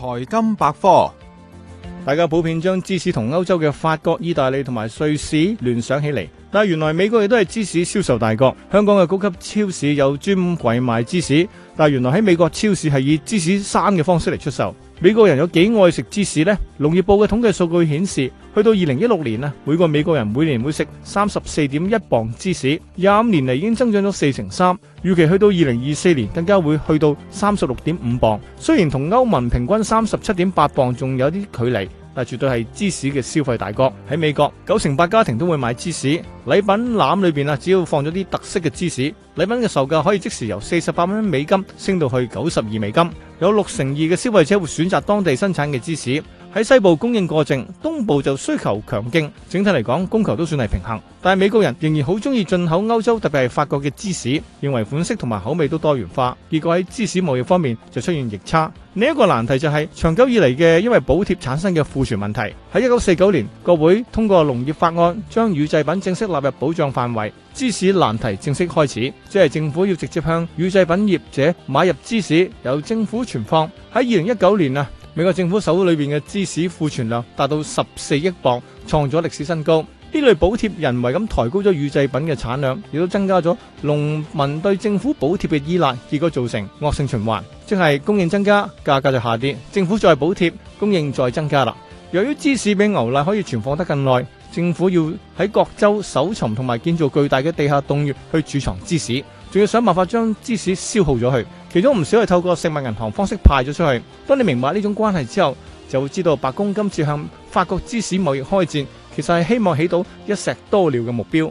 財金百科，大家普遍將芝士同歐洲嘅法國、意大利同埋瑞士聯想起嚟，但係原來美國亦都係芝士銷售大國。香港嘅高級超市有專櫃賣芝士，但係原來喺美國超市係以芝士山嘅方式嚟出售。美國人有幾愛食芝士呢？農業部嘅統計數據顯示，去到二零一六年啊，每個美國人每年會食三十四點一磅芝士，廿五年嚟已經增長咗四成三，預期去到二零二四年更加會去到三十六點五磅，雖然同歐盟平均三十七點八磅仲有啲距離。但係絕對係芝士嘅消費大國。喺美國，九成八家庭都會買芝士。禮品籃裏邊啊，只要放咗啲特色嘅芝士，禮品嘅售價可以即時由四十八蚊美金升到去九十二美金。有六成二嘅消費者會選擇當地生產嘅芝士。喺西部供應過剩，東部就需求強勁，整體嚟講供求都算係平衡。但係美國人仍然好中意進口歐洲，特別係法國嘅芝士，認為款式同埋口味都多元化。結果喺芝士貿易方面就出現逆差。另一個難題就係長久以來嘅因為補貼產生嘅庫存問題。喺一九四九年，國會通過農業法案，將乳製品正式納入保障範圍，芝士難題正式開始，即係政府要直接向乳製品業者買入芝士，由政府存放。喺二零一九年啊。美國政府手裏邊嘅芝士庫存量達到十四億磅，創咗歷史新高。呢類補貼人為咁抬高咗乳製品嘅產量，亦都增加咗農民對政府補貼嘅依賴，結果造成惡性循環，即係供應增加，價格就下跌，政府再補貼，供應再增加啦。由於芝士比牛奶可以存放得更耐，政府要喺各州搜尋同埋建造巨大嘅地下洞穴去儲藏芝士，仲要想辦法將芝士消耗咗去。其中唔少係透過食物銀行方式派咗出去。當你明白呢種關係之後，就會知道，白宮今次向法國芝士貿易開戰，其實係希望起到一石多鳥嘅目標。